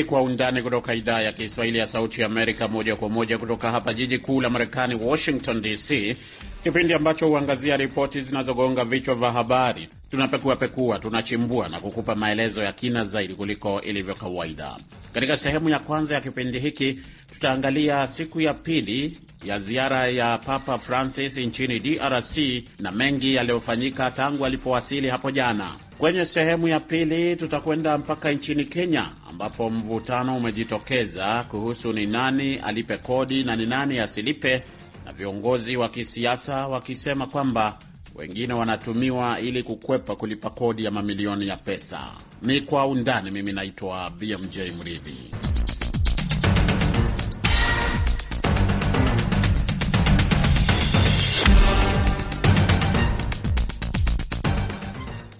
ni Kwa Undani kutoka idhaa ya Kiswahili ya Sauti ya Amerika, moja kwa moja kutoka hapa jiji kuu la Marekani, Washington DC, kipindi ambacho huangazia ripoti zinazogonga vichwa vya habari. Tunapekuapekua, tunachimbua na kukupa maelezo ya kina zaidi kuliko ilivyo kawaida. Katika sehemu ya kwanza ya kipindi hiki, tutaangalia siku ya pili ya ziara ya Papa Francis nchini DRC na mengi yaliyofanyika tangu alipowasili hapo jana. Kwenye sehemu ya pili tutakwenda mpaka nchini Kenya ambapo mvutano umejitokeza kuhusu ni nani alipe kodi na ni nani asilipe, na viongozi wa kisiasa wakisema kwamba wengine wanatumiwa ili kukwepa kulipa kodi ya mamilioni ya pesa. Ni kwa undani. Mimi naitwa BMJ Mridhi.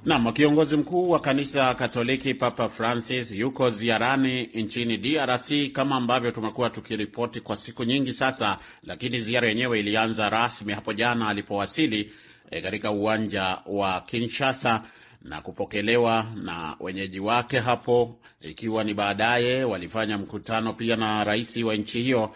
Nam, kiongozi mkuu wa kanisa Katoliki Papa Francis yuko ziarani nchini DRC kama ambavyo tumekuwa tukiripoti kwa siku nyingi sasa, lakini ziara yenyewe ilianza rasmi hapo jana alipowasili e, katika e, uwanja wa Kinshasa na kupokelewa na wenyeji wake hapo, ikiwa ni baadaye walifanya mkutano pia na rais wa nchi hiyo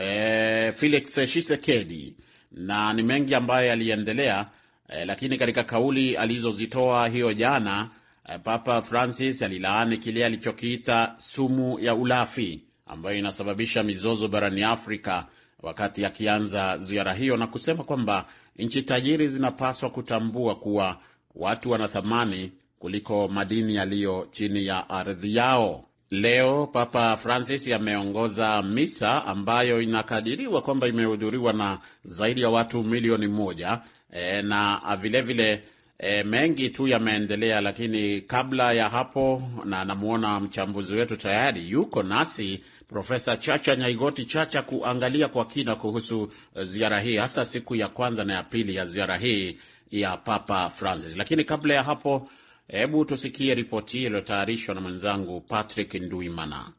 e, Felix Tshisekedi, na ni mengi ambayo yaliendelea eh, lakini katika kauli alizozitoa hiyo jana eh, Papa Francis alilaani kile alichokiita sumu ya ulafi ambayo inasababisha mizozo barani Afrika wakati akianza ziara hiyo na kusema kwamba nchi tajiri zinapaswa kutambua kuwa watu wana thamani kuliko madini yaliyo chini ya ardhi yao. Leo Papa Francis ameongoza misa ambayo inakadiriwa kwamba imehudhuriwa na zaidi ya watu milioni moja e, na vilevile e, mengi tu yameendelea, lakini kabla ya hapo, na namuona mchambuzi wetu tayari yuko nasi Profesa Chacha Nyaigoti Chacha kuangalia kwa kina kuhusu e, ziara hii, hasa siku ya kwanza na ya pili ya ziara hii ya Papa Francis. Lakini kabla ya hapo, hebu tusikie ripoti hii iliyotayarishwa na mwenzangu Patrick Nduimana.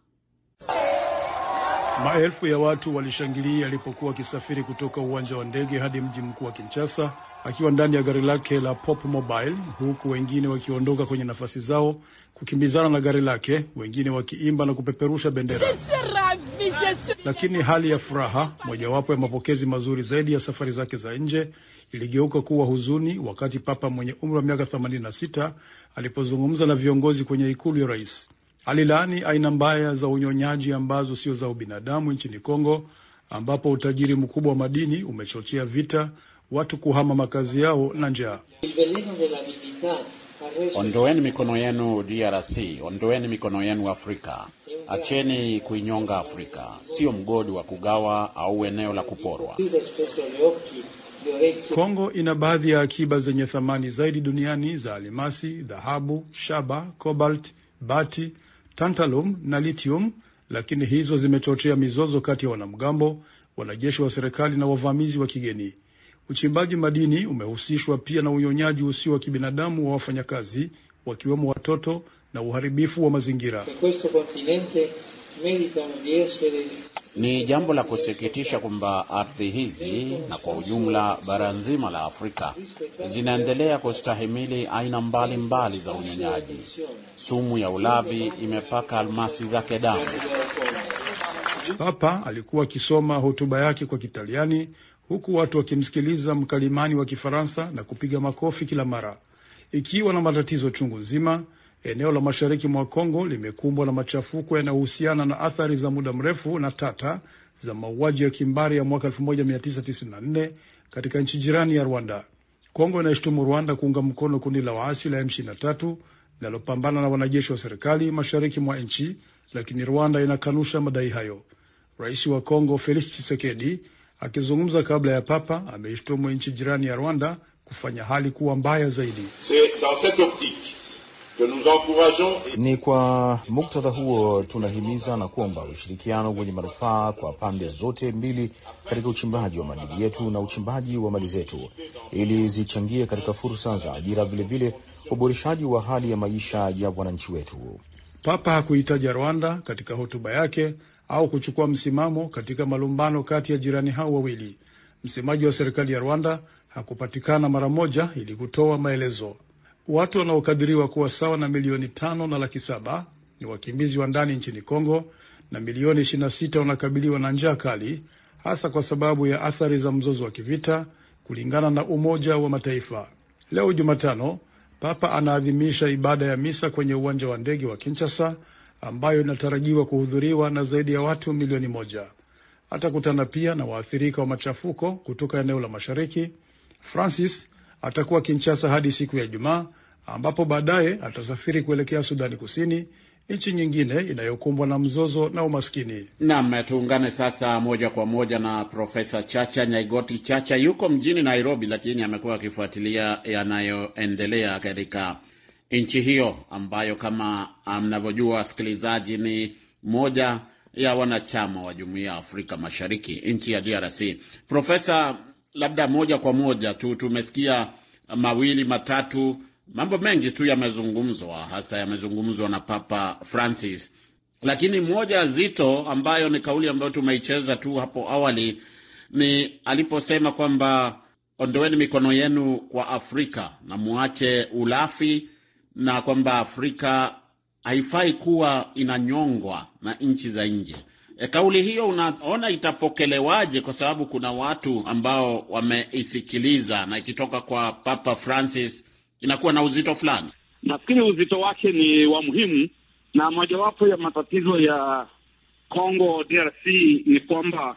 Maelfu ya watu walishangilia alipokuwa akisafiri kutoka uwanja wa ndege hadi mji mkuu wa Kinshasa akiwa ndani ya gari lake la Pop Mobile, huku wengine wakiondoka kwenye nafasi zao kukimbizana na gari lake, wengine wakiimba na kupeperusha bendera. Lakini hali ya furaha, mojawapo ya mapokezi mazuri zaidi ya safari zake za nje, iligeuka kuwa huzuni wakati Papa mwenye umri wa miaka 86 alipozungumza na viongozi kwenye ikulu ya rais alilaani aina mbaya za unyonyaji ambazo sio za ubinadamu nchini Kongo, ambapo utajiri mkubwa wa madini umechochea vita, watu kuhama makazi yao na njaa. Ondoeni mikono yenu DRC, ondoeni mikono yenu Afrika. Acheni kuinyonga Afrika, sio mgodi wa kugawa au eneo la kuporwa. Kongo ina baadhi ya akiba zenye thamani zaidi duniani za alimasi, dhahabu, shaba, cobalt, bati tantalum na lithium, lakini hizo zimechochea mizozo kati ya wanamgambo, wanajeshi wa serikali na wavamizi wa kigeni. Uchimbaji madini umehusishwa pia na unyonyaji usio wa kibinadamu wa wafanyakazi, wakiwemo watoto na uharibifu wa mazingira. Ni jambo la kusikitisha kwamba ardhi hizi na kwa ujumla bara nzima la Afrika zinaendelea kustahimili aina mbalimbali mbali za unyonyaji. Sumu ya ulavi imepaka almasi zake damu. Papa alikuwa akisoma hotuba yake kwa Kitaliani huku watu wakimsikiliza mkalimani wa Kifaransa na kupiga makofi kila mara, ikiwa na matatizo chungu nzima. Eneo la mashariki mwa Kongo limekumbwa na machafuko yanayohusiana na athari za muda mrefu na tata za mauaji ya kimbari ya mwaka 1994 katika nchi jirani ya Rwanda. Kongo inaishtumu Rwanda kuunga mkono kundi la waasi la M23 linalopambana na wanajeshi wa serikali mashariki mwa nchi, lakini Rwanda inakanusha madai hayo. Rais wa Kongo Felix Tshisekedi akizungumza kabla ya Papa ameishtumu nchi jirani ya Rwanda kufanya hali kuwa mbaya zaidi. C'est dans cette optique ni kwa muktadha huo tunahimiza na kuomba ushirikiano wenye manufaa kwa pande zote mbili katika uchimbaji wa madini yetu na uchimbaji wa mali zetu, ili zichangie katika fursa za ajira, vilevile uboreshaji wa hali ya maisha ya wananchi wetu. Papa hakuhitaja Rwanda katika hotuba yake au kuchukua msimamo katika malumbano kati ya jirani hao wawili. Msemaji wa serikali ya Rwanda hakupatikana mara moja ili kutoa maelezo. Watu wanaokadiriwa kuwa sawa na milioni tano na laki saba ni wakimbizi wa ndani nchini Kongo na milioni 26 wanakabiliwa na njaa kali hasa kwa sababu ya athari za mzozo wa kivita, kulingana na Umoja wa Mataifa. Leo Jumatano, Papa anaadhimisha ibada ya misa kwenye uwanja wa ndege wa Kinshasa ambayo inatarajiwa kuhudhuriwa na zaidi ya watu milioni moja. Atakutana pia na waathirika wa machafuko kutoka eneo la mashariki. Francis atakuwa Kinshasa hadi siku ya Ijumaa ambapo baadaye atasafiri kuelekea Sudani Kusini, nchi nyingine inayokumbwa na mzozo na umaskini. Naam, tuungane sasa moja kwa moja na Profesa Chacha Nyaigoti Chacha, yuko mjini Nairobi, lakini amekuwa akifuatilia yanayoendelea katika nchi hiyo ambayo kama mnavyojua, wasikilizaji, ni moja ya wanachama wa Jumuiya ya Afrika Mashariki, nchi ya DRC. Profesa, labda moja kwa moja tu, tumesikia mawili matatu Mambo mengi tu yamezungumzwa, hasa yamezungumzwa na Papa Francis, lakini moja zito ambayo ni kauli ambayo tumeicheza tu hapo awali ni aliposema kwamba ondoeni mikono yenu kwa Afrika na muache ulafi, na kwamba Afrika haifai kuwa inanyongwa na nchi za nje. E, kauli hiyo unaona itapokelewaje? Kwa sababu kuna watu ambao wameisikiliza na ikitoka kwa Papa Francis inakuwa na uzito fulani? Nafikiri uzito wake ni wa muhimu, na mojawapo ya matatizo ya Congo DRC ni kwamba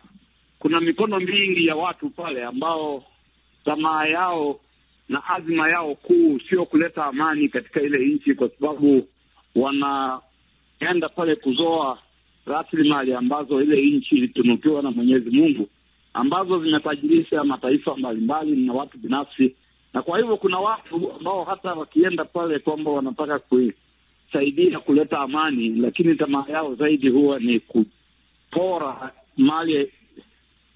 kuna mikono mingi ya watu pale ambao tamaa yao na azma yao kuu sio kuleta amani katika ile nchi, kwa sababu wanaenda pale kuzoa rasilimali ambazo ile nchi ilitunukiwa na Mwenyezi Mungu ambazo zimetajirisha mataifa mbalimbali na watu binafsi na kwa hivyo kuna watu ambao hata wakienda pale kwamba wanataka kusaidia kuleta amani, lakini tamaa yao zaidi huwa ni kupora mali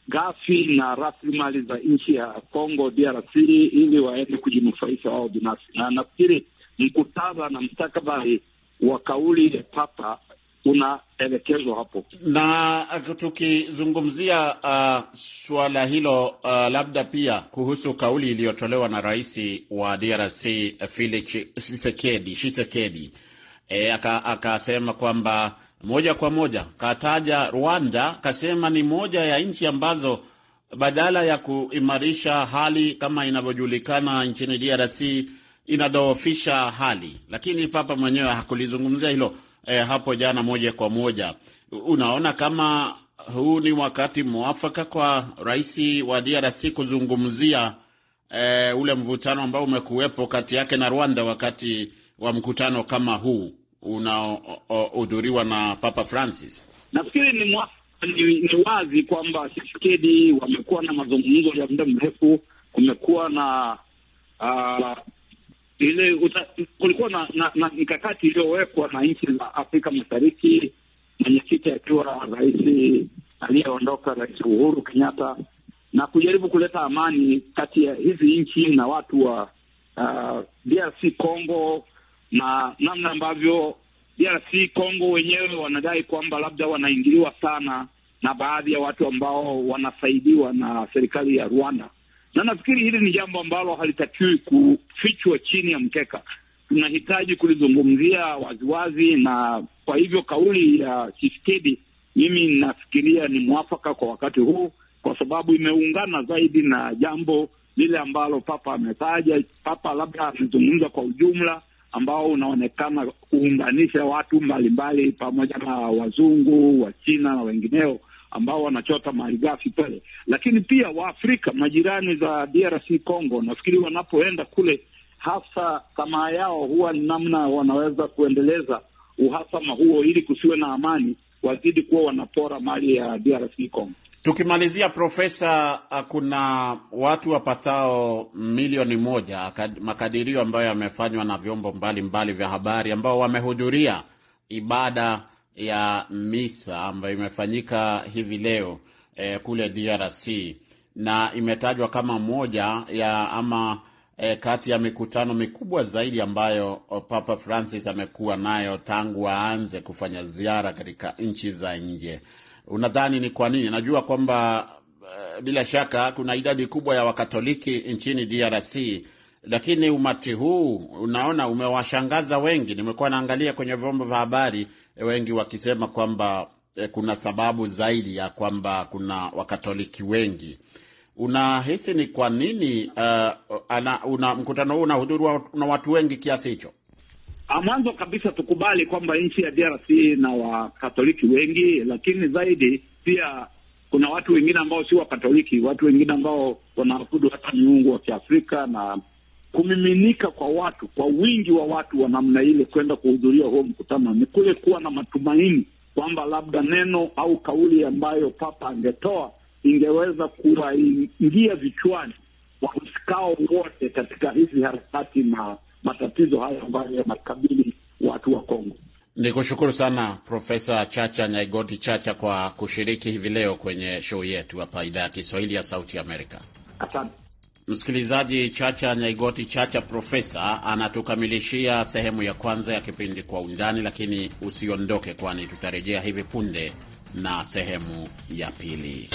ghafi na rasilimali za nchi ya Congo DRC ili waende kujinufaisha wao binafsi. Na nafikiri mkutaba na mstakabali wa kauli ya Papa unaelekezwa hapo. Na tukizungumzia uh, suala hilo uh, labda pia kuhusu kauli iliyotolewa na rais wa DRC Felix Tshisekedi e, akasema aka kwamba moja kwa moja kataja Rwanda, kasema ni moja ya nchi ambazo badala ya kuimarisha hali kama inavyojulikana nchini DRC inadhoofisha hali, lakini papa mwenyewe hakulizungumzia hilo eh, hapo jana moja kwa moja. Unaona kama huu ni wakati mwafaka kwa rais wa DRC kuzungumzia eh, ule mvutano ambao umekuwepo kati yake na Rwanda wakati wa mkutano kama huu unaohudhuriwa na Papa Francis? Nafikiri ni, mwa, ni, ni wazi kwamba Tshisekedi wamekuwa na mazungumzo ya muda mrefu, kumekuwa na uh, ile uta, kulikuwa na, na, na mikakati iliyowekwa na nchi za Afrika Mashariki, mwenyekiti akiwa rais aliyeondoka Rais Uhuru Kenyatta, na kujaribu kuleta amani kati ya hizi nchi na watu wa uh, ah, DRC Congo, na namna ambavyo DRC Congo wenyewe wanadai kwamba labda wanaingiliwa sana na baadhi ya watu ambao wanasaidiwa na serikali ya Rwanda na nafikiri hili ni jambo ambalo halitakiwi kufichwa chini ya mkeka. Tunahitaji kulizungumzia waziwazi, na kwa hivyo kauli ya uh, Tshisekedi mimi nafikiria ni mwafaka kwa wakati huu, kwa sababu imeungana zaidi na jambo lile ambalo Papa ametaja. Papa labda amezungumza kwa ujumla ambao unaonekana kuunganisha watu mbalimbali mbali, pamoja na wazungu, Wachina na wengineo ambao wanachota malighafi pale, lakini pia Waafrika majirani za DRC Congo, nafikiri wanapoenda kule, hasa tamaa yao huwa ni namna wanaweza kuendeleza uhasama huo ili kusiwe na amani, wazidi kuwa wanapora mali ya DRC Congo. Tukimalizia Profesa, ah, kuna watu wapatao milioni moja, makadirio ambayo yamefanywa na vyombo mbalimbali mbali vya habari ambao wamehudhuria ibada ya misa ambayo imefanyika hivi leo eh, kule DRC na imetajwa kama moja ya ama eh, kati ya mikutano mikubwa zaidi ambayo oh, Papa Francis amekuwa nayo tangu aanze kufanya ziara katika nchi za nje. Unadhani ni kwa nini? Najua kwamba eh, bila shaka kuna idadi kubwa ya Wakatoliki nchini DRC, lakini umati huu unaona umewashangaza wengi. Nimekuwa naangalia kwenye vyombo vya habari Eh, wengi wakisema kwamba eh, kuna sababu zaidi ya kwamba kuna wakatoliki wengi. Unahisi ni kwa nini uh, ana, una, mkutano huu unahudhuriwa na watu wengi kiasi hicho? Ah, mwanzo kabisa tukubali kwamba nchi ya DRC na wakatoliki wengi, lakini zaidi pia kuna watu wengine ambao si wakatoliki, watu wengine ambao wanaabudu hata miungu wa Kiafrika na kumiminika kwa watu, kwa wingi wa watu wa namna ile kwenda kuhudhuria huo mkutano, ni kule kuwa na matumaini kwamba labda neno au kauli ambayo Papa angetoa ingeweza kuwaingia vichwani wasikao wote katika hizi harakati na matatizo hayo ambayo yanakabili watu wa Kongo. Ni kushukuru sana Profesa Chacha Nyaigoti Chacha kwa kushiriki hivi leo kwenye show yetu hapa idhaa ya Kiswahili ya Sauti Amerika. Asante. Msikilizaji, Chacha Nyaigoti Chacha Profesa anatukamilishia sehemu ya kwanza ya kipindi Kwa Undani, lakini usiondoke, kwani tutarejea hivi punde na sehemu ya pili.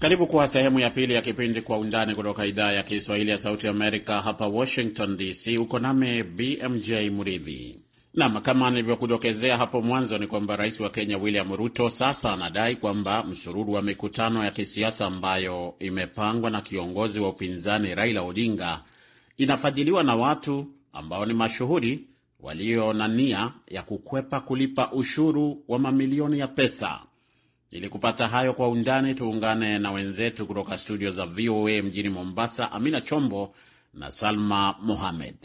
Karibu kwa sehemu ya pili ya kipindi Kwa Undani kutoka idhaa ya Kiswahili ya Sauti Amerika hapa Washington DC. Uko nami BMJ Muridhi. Nam, kama nilivyokudokezea hapo mwanzo ni kwamba rais wa Kenya William Ruto sasa anadai kwamba msururu wa mikutano ya kisiasa ambayo imepangwa na kiongozi wa upinzani Raila Odinga inafadhiliwa na watu ambao ni mashuhuri walio na nia ya kukwepa kulipa ushuru wa mamilioni ya pesa. Ili kupata hayo kwa undani, tuungane na wenzetu kutoka studio za VOA mjini Mombasa, Amina Chombo na Salma Mohamed.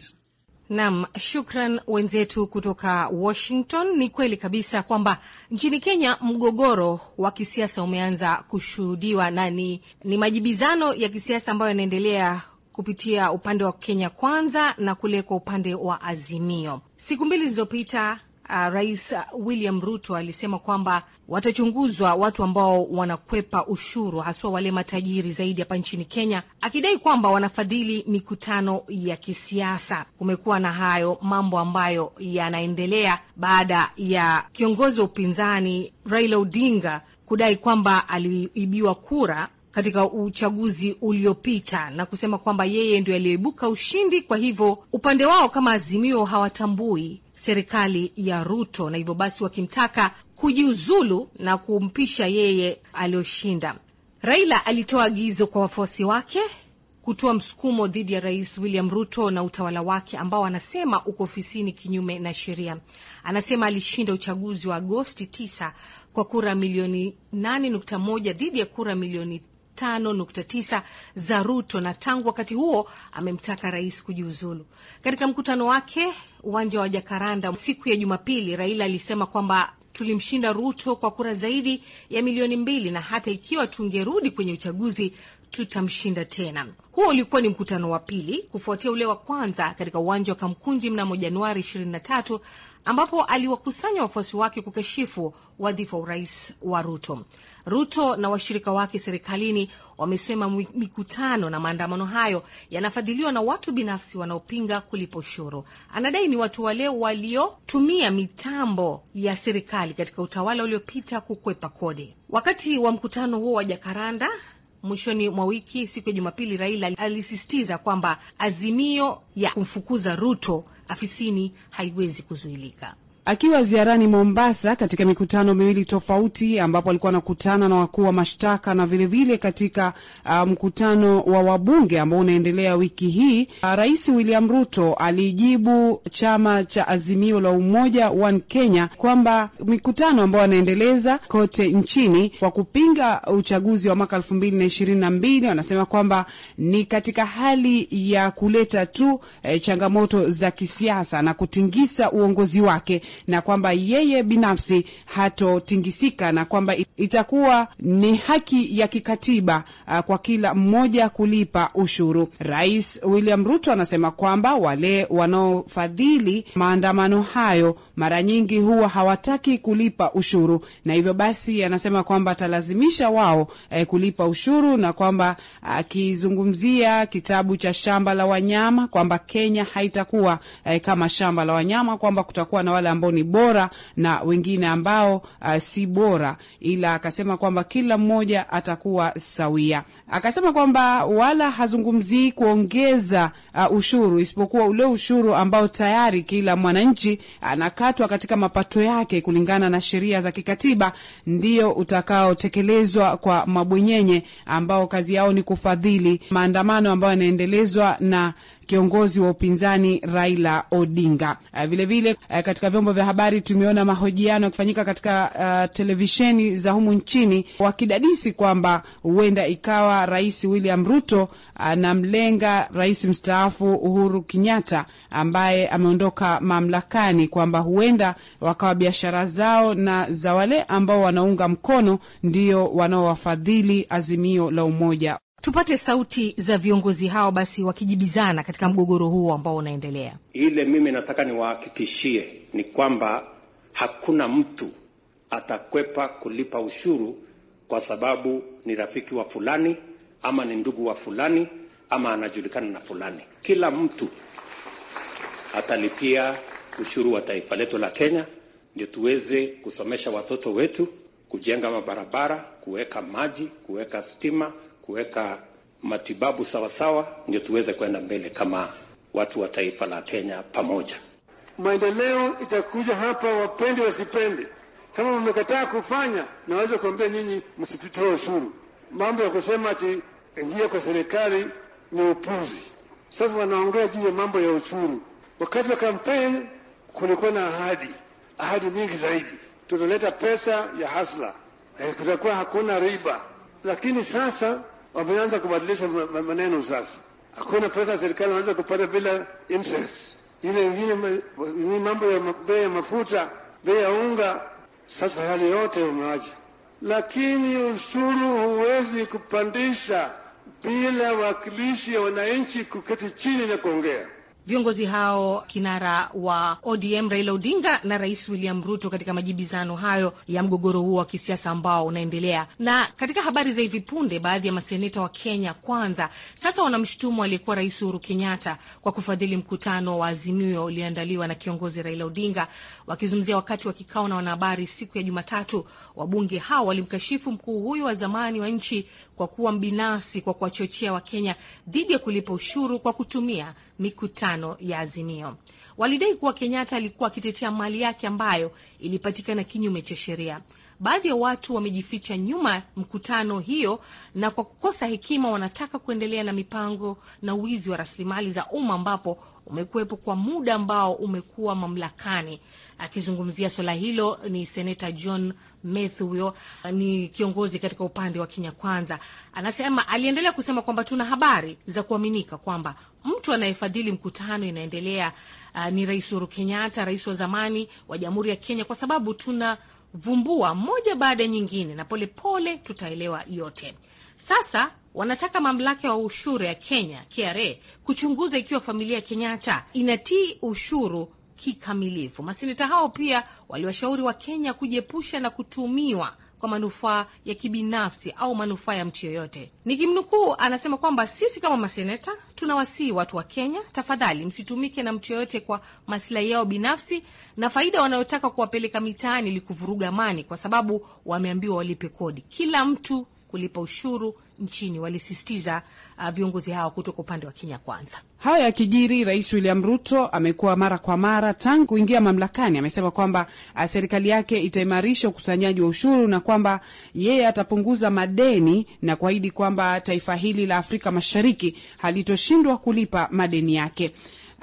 Nam, shukran wenzetu kutoka Washington. Ni kweli kabisa kwamba nchini Kenya mgogoro wa kisiasa umeanza kushuhudiwa na ni, ni majibizano ya kisiasa ambayo yanaendelea kupitia upande wa Kenya Kwanza na kule kwa upande wa Azimio. Siku mbili zilizopita, uh, Rais William Ruto alisema kwamba watachunguzwa watu ambao wanakwepa ushuru, haswa wale matajiri zaidi hapa nchini Kenya, akidai kwamba wanafadhili mikutano ya kisiasa. Kumekuwa na hayo mambo ambayo yanaendelea baada ya kiongozi wa upinzani Raila Odinga kudai kwamba aliibiwa kura katika uchaguzi uliopita na kusema kwamba yeye ndio aliyoibuka ushindi. Kwa hivyo upande wao kama Azimio hawatambui serikali ya Ruto na hivyo basi wakimtaka kujiuzulu na kumpisha yeye aliyoshinda. Raila alitoa agizo kwa wafuasi wake kutoa msukumo dhidi ya Rais William Ruto na utawala wake ambao anasema uko ofisini kinyume na sheria. Anasema alishinda uchaguzi wa Agosti 9 kwa kura milioni 8.1 dhidi ya kura milioni 5.9 za Ruto, na tangu wakati huo amemtaka rais kujiuzulu. Katika mkutano wake uwanja wa Jakaranda siku ya Jumapili, Raila alisema kwamba tulimshinda Ruto kwa kura zaidi ya milioni mbili, na hata ikiwa tungerudi kwenye uchaguzi tutamshinda tena. Huo ulikuwa ni mkutano wa pili kufuatia ule wa kwanza katika uwanja wa Kamkunji mnamo Januari 23 ambapo aliwakusanya wafuasi wake kukeshifu wadhifa wa urais wa Ruto. Ruto na washirika wake serikalini wamesema mikutano na maandamano hayo yanafadhiliwa na watu binafsi wanaopinga kulipa ushuru. Anadai ni watu wale waliotumia mitambo ya serikali katika utawala uliopita kukwepa kodi. Wakati wa mkutano huo wa Jakaranda mwishoni mwa wiki siku ya Jumapili, Raila alisisitiza kwamba azimio ya kumfukuza Ruto afisini haiwezi kuzuilika. Akiwa ziarani Mombasa katika mikutano miwili tofauti ambapo alikuwa anakutana na wakuu wa mashtaka na vilevile vile katika uh, mkutano wa wabunge ambao unaendelea wiki hii uh, Rais William Ruto alijibu chama cha Azimio la Umoja One Kenya kwamba mikutano ambayo anaendeleza kote nchini kwa kupinga uchaguzi wa mwaka elfu mbili na ishirini na mbili wanasema kwamba ni katika hali ya kuleta tu eh, changamoto za kisiasa na kutingisa uongozi wake na kwamba yeye binafsi hatotingisika na kwamba itakuwa ni haki ya kikatiba a, uh, kwa kila mmoja kulipa ushuru. Rais William Ruto anasema kwamba wale wanaofadhili maandamano hayo mara nyingi huwa hawataki kulipa ushuru, na hivyo basi anasema kwamba atalazimisha wao eh, kulipa ushuru, na kwamba akizungumzia kitabu cha shamba la wanyama kwamba Kenya haitakuwa eh, kama shamba la wanyama, kwamba kutakuwa na wale ambao ni bora na wengine ambao uh, si bora, ila akasema kwamba kila mmoja atakuwa sawia. Akasema kwamba wala hazungumzii kuongeza uh, ushuru isipokuwa ule ushuru ambao tayari kila mwananchi anakatwa katika mapato yake kulingana na sheria za kikatiba, ndio utakaotekelezwa kwa mabwenyenye ambao kazi yao ni kufadhili maandamano ambayo yanaendelezwa na kiongozi wa upinzani Raila Odinga. Vilevile ah, vile, ah, katika vyombo vya habari tumeona mahojiano yakifanyika katika uh, televisheni za humu nchini wakidadisi kwamba huenda ikawa Rais William Ruto anamlenga uh, rais mstaafu Uhuru Kenyatta ambaye ameondoka mamlakani, kwamba huenda wakawa biashara zao na za wale ambao wanaunga mkono ndio wanaowafadhili azimio la umoja Tupate sauti za viongozi hao basi wakijibizana katika mgogoro huo ambao unaendelea. Ile mimi nataka niwahakikishie ni kwamba hakuna mtu atakwepa kulipa ushuru kwa sababu ni rafiki wa fulani ama ni ndugu wa fulani ama anajulikana na fulani. Kila mtu atalipia ushuru wa taifa letu la Kenya, ndio tuweze kusomesha watoto wetu, kujenga mabarabara, kuweka maji, kuweka stima kuweka matibabu sawasawa, ndio tuweze kwenda mbele kama watu wa taifa la Kenya pamoja. Maendeleo itakuja hapa, wapende wasipende. Kama mmekataa kufanya, naweza kuambia nyinyi msipitoe ushuru. Mambo ya kusema ati ingia kwa serikali ni upuzi. Sasa wanaongea juu ya mambo ya ushuru. Wakati wa kampeni kulikuwa na ahadi, ahadi nyingi zaidi, tutaleta pesa ya hasla, eh, kutakuwa hakuna riba, lakini sasa wameanza kubadilisha maneno sasa. Hakuna pesa serikali wanaweza kupata bila interest. Ile ingine ni mambo ya bei ya mafuta, bei ya unga. Sasa hali yote umewaja, lakini ushuru huwezi kupandisha bila wakilishi ya wananchi kuketi chini na kuongea. Viongozi hao kinara wa ODM Raila Odinga na Rais William Ruto katika majibizano hayo ya mgogoro huo wa kisiasa ambao unaendelea. Na katika habari za hivi punde, baadhi ya maseneta wa Kenya Kwanza sasa wanamshutumu aliyekuwa Rais Uhuru Kenyatta kwa kufadhili mkutano wa Azimio ulioandaliwa na kiongozi Raila Odinga. Wakizungumzia wakati wa kikao na wanahabari siku ya Jumatatu, wabunge hao walimkashifu mkuu huyo wa zamani wa nchi kwa kuwa mbinafsi, kwa kuwachochea Wakenya dhidi ya kulipa ushuru kwa kutumia mikutano ya Azimio. Walidai kuwa Kenyatta alikuwa akitetea mali yake ambayo ilipatikana kinyume cha sheria. Baadhi ya watu wamejificha nyuma mkutano hiyo, na kwa kukosa hekima wanataka kuendelea na mipango na wizi wa rasilimali za umma ambapo umekuwepo kwa muda ambao umekuwa mamlakani. Akizungumzia swala hilo ni seneta John Meth huyo uh, ni kiongozi katika upande wa Kenya Kwanza, anasema aliendelea kusema kwamba tuna habari za kuaminika kwamba mtu anayefadhili mkutano inaendelea uh, ni Rais Uhuru Kenyatta, rais wa zamani wa Jamhuri ya Kenya, kwa sababu tunavumbua moja baada ya nyingine na polepole pole tutaelewa yote. Sasa wanataka mamlaka ya ushuru ya Kenya KRA kuchunguza ikiwa familia ya Kenyatta inatii ushuru kikamilifu. Maseneta hao pia waliwashauri Wakenya kujiepusha na kutumiwa kwa manufaa ya kibinafsi au manufaa ya mtu yoyote. Nikimnukuu, anasema kwamba sisi kama maseneta tunawasihi watu wa Kenya, tafadhali msitumike na mtu yoyote kwa masilahi yao binafsi na faida wanayotaka kuwapeleka mitaani ili kuvuruga amani, kwa sababu wameambiwa walipe kodi. Kila mtu kulipa ushuru nchini, walisisitiza uh, viongozi hao kutoka upande wa Kenya Kwanza. Hayo yakijiri, Rais William Ruto amekuwa mara kwa mara tangu kuingia mamlakani, amesema kwamba uh, serikali yake itaimarisha ukusanyaji wa ushuru na kwamba yeye atapunguza madeni na kuahidi kwamba taifa hili la Afrika Mashariki halitoshindwa kulipa madeni yake.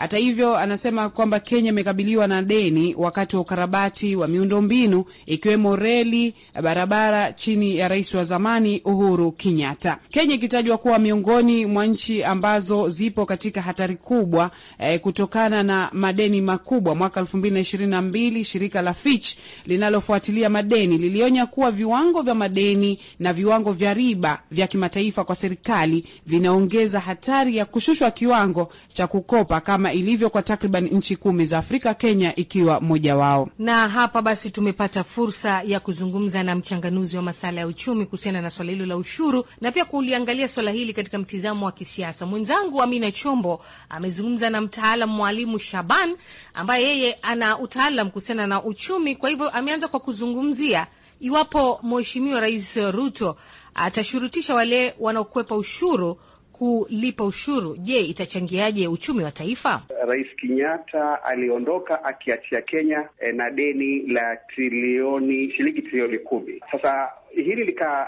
Hata hivyo, anasema kwamba Kenya imekabiliwa na deni wakati wa ukarabati wa miundombinu ikiwemo reli, barabara chini ya rais wa zamani Uhuru Kenyatta. Kenya ikitajwa kuwa miongoni mwa nchi ambazo zipo katika hatari kubwa eh, kutokana na madeni makubwa. Mwaka 2022 shirika la Fitch linalofuatilia madeni lilionya kuwa viwango vya madeni na viwango vya riba vya kimataifa kwa serikali vinaongeza hatari ya kushushwa kiwango cha kukopa kama kama ilivyo kwa takriban nchi kumi za Afrika, Kenya ikiwa moja wao. Na hapa basi tumepata fursa ya kuzungumza na mchanganuzi wa masala ya uchumi kuhusiana na swala hilo la ushuru na pia kuliangalia swala hili katika mtizamo wa kisiasa. Mwenzangu Amina Chombo amezungumza na mtaalam Mwalimu Shaban ambaye yeye ana utaalam kuhusiana na uchumi, kwa hivyo ameanza kwa kuzungumzia iwapo Mheshimiwa Rais Ruto atashurutisha wale wanaokwepa ushuru kulipa ushuru, je, itachangiaje uchumi wa taifa? Rais Kenyatta aliondoka akiachia Kenya eh, na deni la trilioni shilingi trilioni kumi. Sasa hili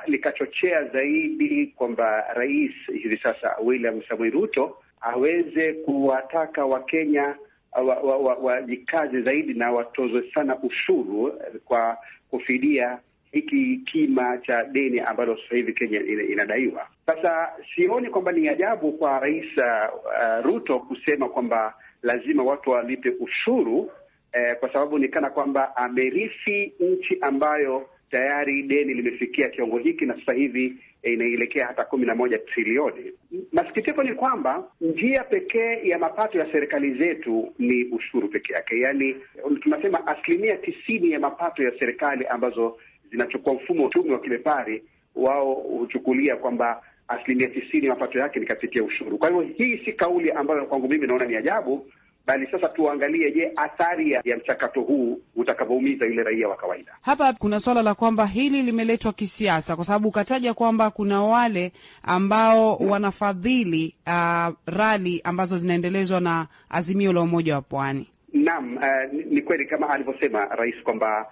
likachochea lika zaidi kwamba rais hivi sasa William Samoei Ruto aweze kuwataka Wakenya wajikaze wa, wa, wa, zaidi na watozwe sana ushuru kwa kufidia hiki kima cha deni ambalo sasa hivi Kenya inadaiwa. Sasa sioni kwamba ni ajabu kwa Rais uh, uh, Ruto kusema kwamba lazima watu walipe ushuru eh, kwa sababu ni kana kwamba amerithi nchi ambayo tayari deni limefikia kiwango hiki na sasa hivi eh, inaelekea hata kumi na moja trilioni. Masikitiko ni kwamba njia pekee ya mapato ya serikali zetu ni ushuru peke yake, yaani tunasema asilimia tisini ya mapato ya serikali ambazo zinachukua mfumo uchumi wa kibepari, wao huchukulia kwamba asilimia tisini mapato yake ni kapitia ushuru. Kwa hivyo hii si kauli ambayo kwangu mimi naona ni ajabu, bali sasa tuangalie, je, athari ya mchakato huu utakavyoumiza yule raia wa kawaida. Hapa kuna swala la kwamba hili limeletwa kisiasa, kwa sababu ukataja kwamba kuna wale ambao wanafadhili uh, rali ambazo zinaendelezwa na Azimio la Umoja wa Pwani. Naam, uh, ni kweli kama alivyosema rais kwamba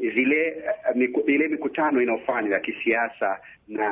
zile eh, miku, ile mikutano inayofanywa ya kisiasa na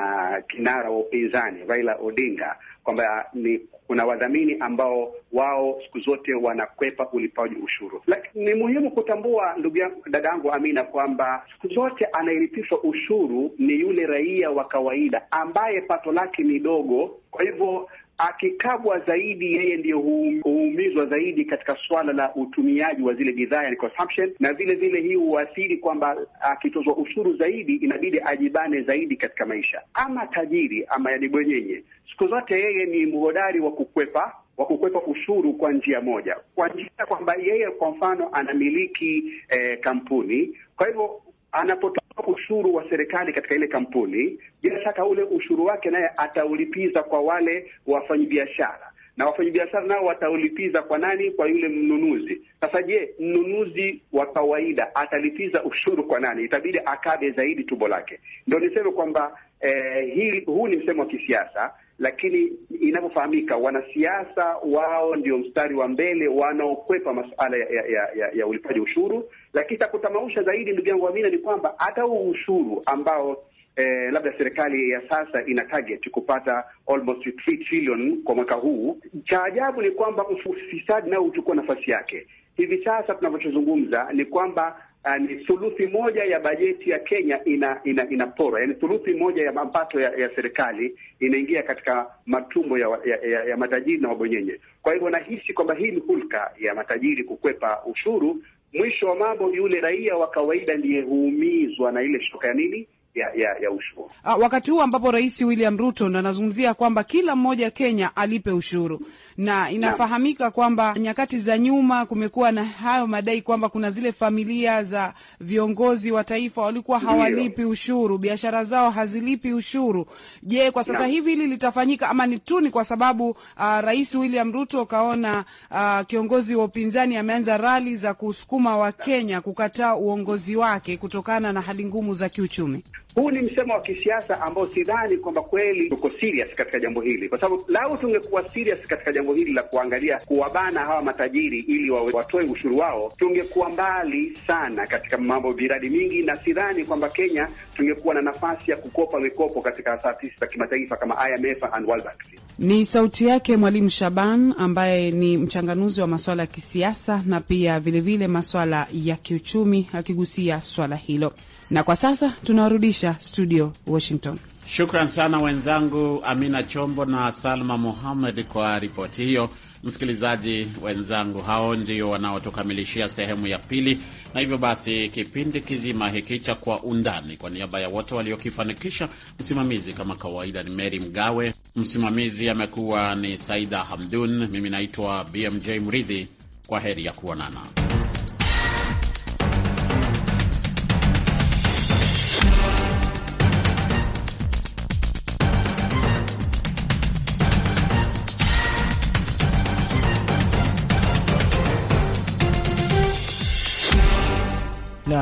kinara wa upinzani Raila Odinga kwamba ni kuna wadhamini ambao wao siku zote wanakwepa ulipaji ushuru. Lakini ni muhimu kutambua, ndugu yangu, dada yangu Amina, kwamba siku zote anayelipishwa ushuru ni yule raia wa kawaida ambaye pato lake ni dogo. Kwa hivyo akikabwa zaidi, yeye ndiyo huumizwa zaidi katika swala la utumiaji wa zile bidhaa, yani consumption, na vile vile hii huathiri kwamba akitozwa ushuru zaidi, inabidi ajibane zaidi katika maisha. Ama tajiri ama yani bwenyenye, siku zote yeye ni mhodari wa kukwepa wa kukwepa ushuru kwa njia moja, kwa njia kwamba yeye kwa mfano anamiliki eh, kampuni. Kwa hivyo anapotoa ushuru wa serikali katika ile kampuni, bila shaka ule ushuru wake naye ataulipiza kwa wale wafanyabiashara na wafanyabiashara nao wataulipiza kwa nani? Kwa yule mnunuzi. Sasa je, mnunuzi wa kawaida atalipiza ushuru kwa nani? Itabidi akabe zaidi tumbo lake. Ndio niseme kwamba eh, hii, huu ni msemo wa kisiasa lakini inavyofahamika, wanasiasa wao ndio mstari wa mbele wanaokwepa masuala ya, ya, ya, ya ulipaji ushuru. Lakini takutamausha zaidi, ndugu yangu Amina, ni kwamba hata huu ushuru ambao Eh, labda serikali ya sasa ina target kupata almost 3 trillion kwa mwaka huu. Cha ajabu ni kwamba ufisadi nao uchukua nafasi yake. Hivi sasa tunavyozungumza ni kwamba Ah, ni thuluthi moja ya bajeti ya Kenya ina, ina, ina pora, yaani thuluthi moja ya mapato ya, ya serikali inaingia katika matumbo ya, ya, ya, ya matajiri na wabonyenye. Kwa hivyo nahisi kwamba hii ni hulka ya matajiri kukwepa ushuru. Mwisho wa mambo, yule raia wa kawaida ndiye huumizwa na ile shoka ya nini ya ya, ya ushuru. A, ah, wakati huu ambapo Rais William Ruto na anazungumzia kwamba kila mmoja Kenya alipe ushuru, na inafahamika kwamba nyakati za nyuma kumekuwa na hayo madai kwamba kuna zile familia za viongozi wa taifa walikuwa hawalipi ushuru, biashara zao hazilipi ushuru. Je, kwa sasa na hivi hili litafanyika ama ni tu ni kwa sababu ah, Rais William Ruto kaona ah, kiongozi wa upinzani ameanza rali za kusukuma Wakenya kukataa uongozi wake kutokana na hali ngumu za kiuchumi? Huu ni msemo wa kisiasa ambao sidhani kwamba kweli tuko serious katika jambo hili, kwa sababu lau tungekuwa serious katika jambo hili la kuangalia kuwabana hawa matajiri ili wawe, watoe ushuru wao, tungekuwa mbali sana katika mambo miradi mingi, na sidhani kwamba Kenya tungekuwa na nafasi ya kukopa mikopo katika taasisi za kimataifa kama IMF and World Bank. Ni sauti yake Mwalimu Shaban ambaye ni mchanganuzi wa maswala ya kisiasa na pia vilevile maswala ya kiuchumi akigusia swala hilo na kwa sasa tunawarudisha studio Washington. Shukran sana wenzangu Amina Chombo na Salma muhammed kwa ripoti hiyo. Msikilizaji wenzangu, hao ndio wanaotukamilishia sehemu ya pili, na hivyo basi kipindi kizima hiki cha Kwa Undani, kwa niaba ya wote waliokifanikisha, msimamizi kama kawaida ni Mary Mgawe, msimamizi amekuwa ni Saida Hamdun, mimi naitwa BMJ Mridhi. Kwa heri ya kuonana.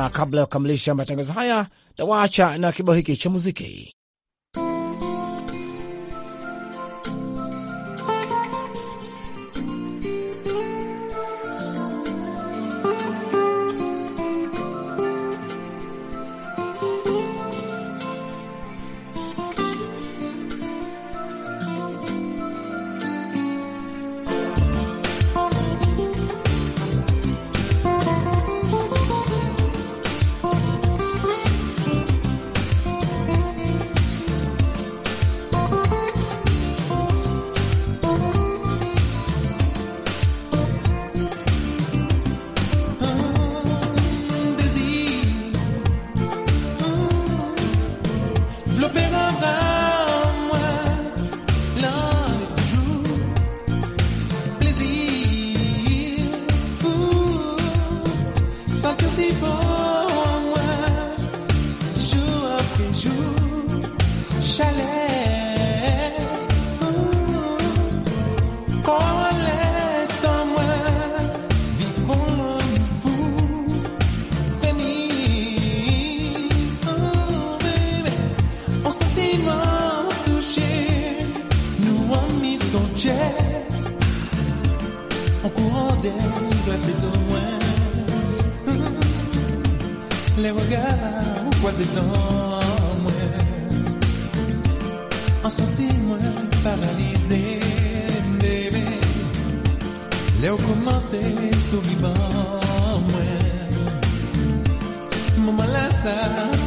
kabla ya kukamilisha matangazo haya, nawaacha na kibao hiki cha muziki.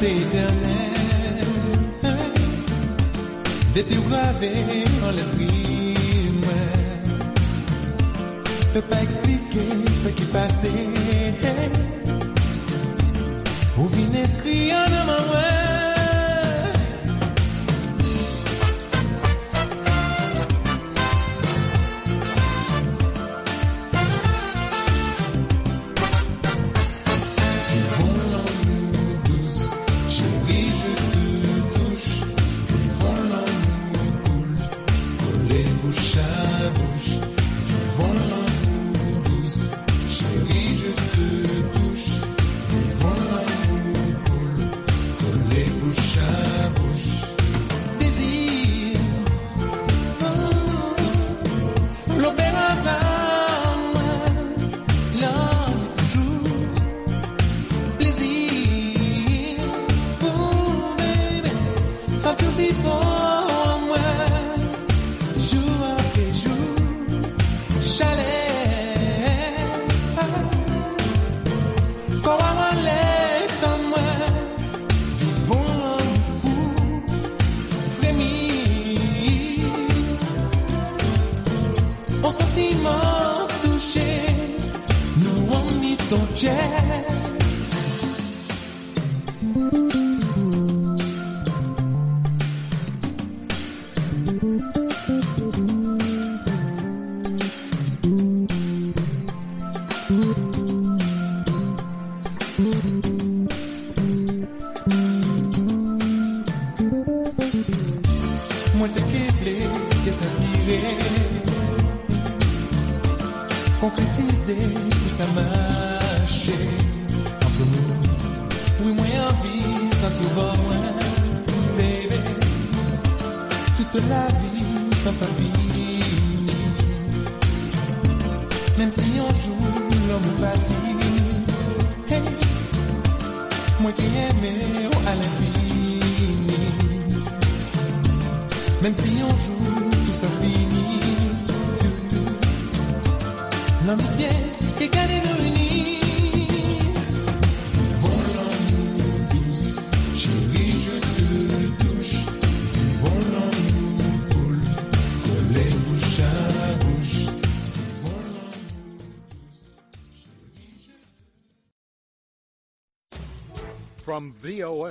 éternel Des plus gravés dans l'esprit Peut pas expliquer ce qui passait Ou vin inscrit en amant de ce que ça tirait. Concrétiser que ça marchait entre nous. Oui, moi envie, sans tu vois moins, bébé. Toute la vie sans sa vie Même si un jour l'homme fatigue, hey, moi qui aimais oh, à la vie. Même si un jour tout ça finit, l'amitié qui gagne nous unir. vivons l'amour tous, chérie, je te touche. Vivons-nous cool, collés bouche à bouche. Vivons-nous tous, chérie, je te touche.